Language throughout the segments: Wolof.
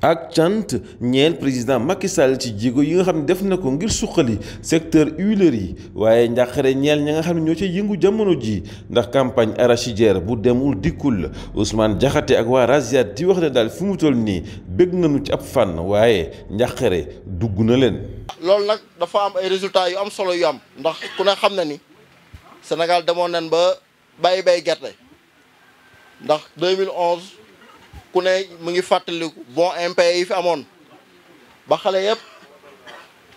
ak cant ñeel président Macky Sall ci jéego yi nga xam ne def na ko ngir suqali secteur huilier yi waaye njàqare ñeel ñi nga xam ne ñoo ci yëngu jamono ji ndax campagne arachidière bu demul dikkul la Ousmane Diakhaté ak waa Rasiat di wax ne daal fi mu toll nii bëgg nañu ci ab fànn waaye njàqare dugg na leen. loolu nag dafa am ay résultats yu am solo yu am ndax ku ne xam na ni senegal demoon nañ ba bàyyi bay gerte ndax 2011. ku ne mu ngi fàttaliku bon impayés yi fi amoon ba xale yëpp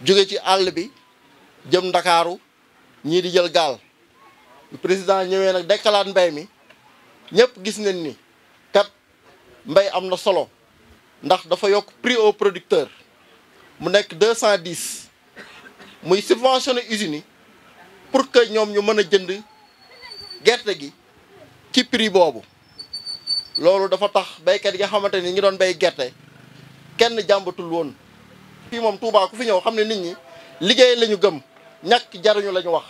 jóge ci àll bi jëm ndakaaru ñii di jël gaal président ñëwee nag dekkalaat mbay mi ñëpp gis nañ ni kat mbay am na solo ndax dafa yokk prix au producteur mu nekk deux cent dix muy subventionné usines pour que ñoom ñu mën a jënd gerte gi ci prix boobu loolu dafa tax béykat yi nga xamante ni ñu doon bay gerte kenn jàmbatul woon fii moom Touba ku fi ñëw xam ne nit ñi liggéey la ñu gëm ñàkk jariñu la ñu wax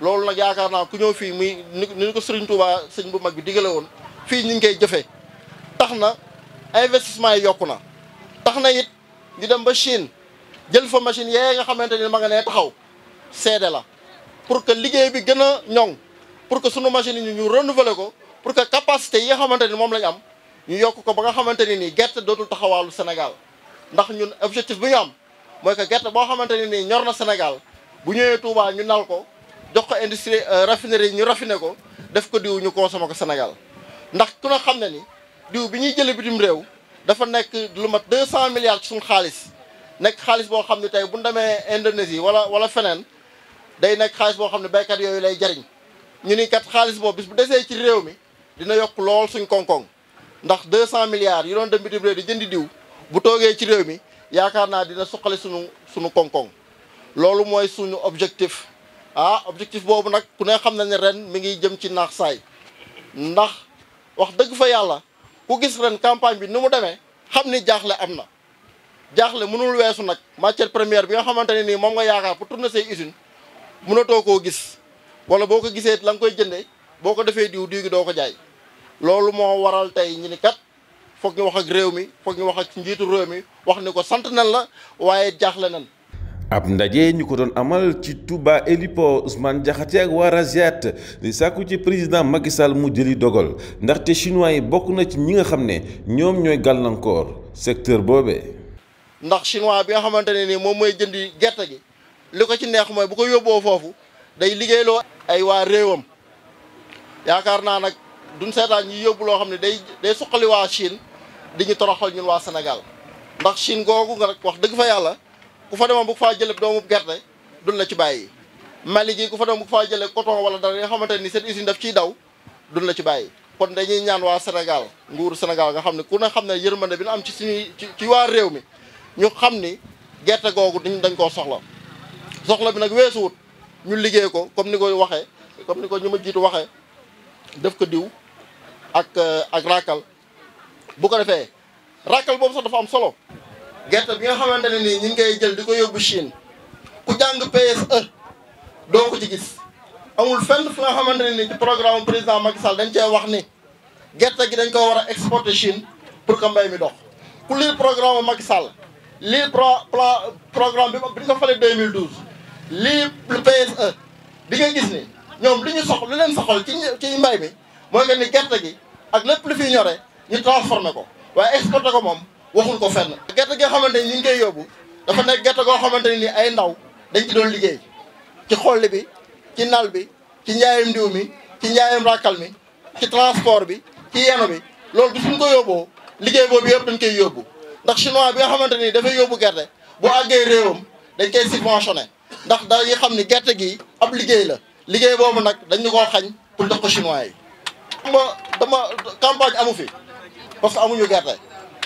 loolu nag yaakaar naa ku ñëw fii muy ni ko Serigne Touba sëñ bu mag bi digale woon fii ñu ngi koy jëfee tax na investissement yi yokk na tax na it ñu dem ba Chine jël fa machine yee nga xamante ni ma nga nee taxaw seede la pour que liggéey bi gën a ñoŋ pour que sunu machine yi ñu renouveler ko pour que capacité yi nga xamante ni moom la am ñu yokk ko ba nga xamante ni nii gerte dootul taxawaalu Sénégal ndax ñun objectif bi ñu am mooy que gerte boo xamante ni nii ñor na Sénégal bu ñëwee Touba ñu nal ko jox ko industrie euh, raffinerie ñu raffiné ko def ko diw ñu consommé ko Sénégal ndax ku ne xam ne ni diw bi ñuy jëlee bitim réew dafa nekk lu mat 200 milliards ci suñu xaalis nekk xaalis boo xam ne tey bu ñu demee Indonésie wala wala feneen day nekk xaalis boo xam ne béykat yooyu lay jariñ ñu ni kat xaalis boobu bu desee ci réew mi. dina yokk lool suñ koŋ-koŋ ndax 200 milliards yi doon dem bitim réew di jëndi diw bu toogee ci réew mi yaakaar naa dina suqali suñu suñu koŋ loolu mooy suñu objectif ah objectif boobu nag ku ne xam na ne ren mi ngi jëm ci naax saay ndax wax dëgg fa yàlla ku gis ren campagne bi ni mu demee xam ni jaaxle am na jaaxle mënul weesu nag matière première bi nga xamante ne nii moom nga yaakaar pour tourner say usine mënatoo koo gis wala boo ko gisee la nga koy jëndee boo ko defee diw diw doo ko jaay loolu moo waral tey ñu ni kat foog ñu wax ak réew mi foog ñu wax ak njiitu réew mi wax ni ko sant nan la waaye jaaxle nan ab ndaje ñu ko doon amal ci tuba héliport Ousmane Diakhaté ak waa Rasiat di sàkku ci président Macky Sall mu jëli dogal ndaxte chinois yi bokk na ci ñi nga xam ne ñoom ñooy gàllankoor secteur boobee. ndax chinois bi nga xamante ne ni moom mooy jënd gerte gi li ko ci neex mooy bu ko yóbboo foofu day liggéeyloo ay waa réewam yaakaar naa nag. duñ seetaan ñuy yóbbu loo xam ne day day suqali waa Chine di ñu toroxal ñun waa senegal ndax Chine googu nga rek wax dëgg fa yàlla ku fa demoon bu faa jëlee doomu gerte duñ la ci bàyyi. Mali gi ku fa demoon bu faa jëlee coton wala dara yoo xamante ni seen usine daf ciy daw duñ la ci bàyyi. kon dañuy ñaan waa Sénégal nguuru Sénégal nga xam ne ku ne xam ne yërmande bi na am ci suñuy ci waa réew mi ñu xam ni gerte googu dañ dañ koo soxla soxla bi nag weesuwut ñu liggéey ko comme ni koy waxee comme ni ko ñu ma jiitu waxee def ko diw. ak euh, ak raakal bu ko defee raakal boobu sax dafa am solo gerte bi nga xamante ne nii ñu ngi koy jël di ko yóbbu Chine ku jàng PSE doo ko ci gis amul fenn fi nga xamante ne nii ci programme président mag Sall dañ cee wax ni gerte gi dañ ko war a exporter Chine pour que mbay mi dox ku lire programme Macky Sall lire pro programme bi bi ñu ko falee 2012 lire le PSE di nga gis ni ñoom li ñu sox li leen soxal ci ci mbay mi moo que ni gerte gi ak lépp lu fiy ñore ñu transformé ko waaye exporté ko moom waxul ko fenn. gerte gi nga xamante ni ñu ngi koy yóbbu dafa nekk gerte goo xamante ni ay ndaw dañ ci doon liggéey ci xolli bi ci nal bi ci njaayam ndiw mi ci njaayam rakkal mi ci transport bi ci yenu bi loolu du suñ ko yóbboo liggéey boobu yëpp dañ koy yóbbu ndax chinois bi nga xamante ni dafay yóbbu gerte bu àggee réewam dañ koy subventionné ndax dañuy xam ni gerte gi ab liggéey la liggéey boobu nag dañu koo xañ pour jox ko chinois yi. ma dama campagne amu fi parce que amuñu gerte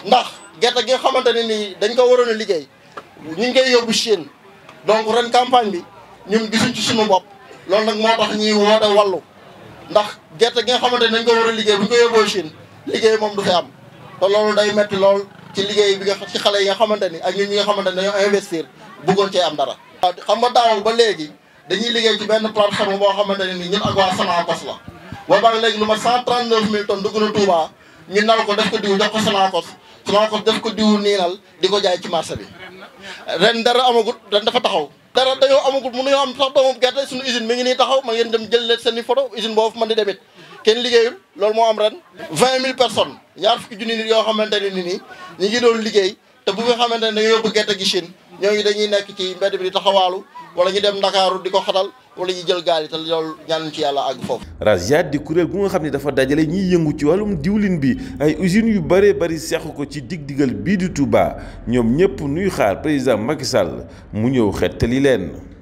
ndax gerte gi nga xamante ne nii dañ ko waroon a liggéey ñu ngi koy yóbbu Chine donc ren campagne bi ñun gisuñ ci suñu bopp loolu nag moo tax ñuy woote wàllu ndax gerte gi nga dañ ko liggéey bu ko Chine liggéey du day metti lool ci liggéey bi nga ci yi ak ñun ñi nga investir bëggoon cee am dara. xam nga daaw ba léegi dañuy liggéey ci benn plateforme boobaag léegi lu ma 139 mille tonnes dugg na Touba ñu nal ko def ko diw jox ko Sonacos Sonacos def ko diw niinal di ko jaay ci marché bi ren dara amagut ren dafa taxaw. dara dañoo amagut mënuñoo am sax doomu gerte suñu usine mi ngi nii taxaw ma ngeen dem jël leen seen i photo usine boobu man di demit kenn liggéeyul loolu moo am ren. 20 000 personnes ñaar fukki junni nit yoo xamante ne ni nii ñu ngi doon liggéey te bu nga xamante ne dañoo yóbbu gerte gi Chine ñooñu dañuy nekk ci mbedd bi di taxawaalu wala ñu dem Ndakaaru di ko xatal. wala ñu jël gaal yi te ci yàlla àgg foofu. Rasiat di kuréel gu nga xam ne dafa dajale ñiy yëngu ci wàllum diwlin bi ay usines yu bëree bari seexu ko ci digdigal bii di Touba ñoom ñëpp nuyu xaar président Macky Sall mu ñëw te xettali leen.